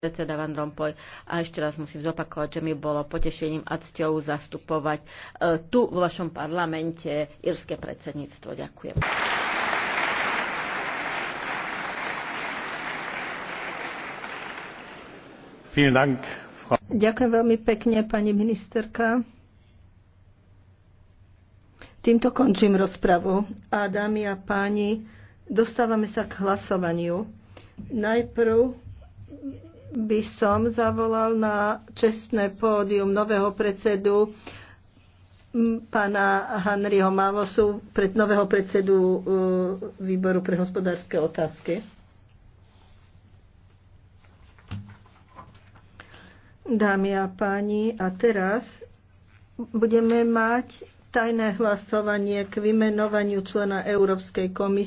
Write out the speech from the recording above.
predseda Van Rompuy. A ešte raz musím zopakovať, že mi bolo potešením a cťou zastupovať e, tu vo vašom parlamente írske predsedníctvo. Ďakujem. Ďakujem veľmi pekne, pani ministerka. Týmto končím rozpravu. A dámy a páni, dostávame sa k hlasovaniu. Najprv by som zavolal na čestné pódium nového predsedu pána Henryho malosu, pred nového predsedu e, výboru pre hospodárske otázky. Dámy a páni, a teraz budeme mať tajné hlasovanie k vymenovaniu člena Európskej komisie.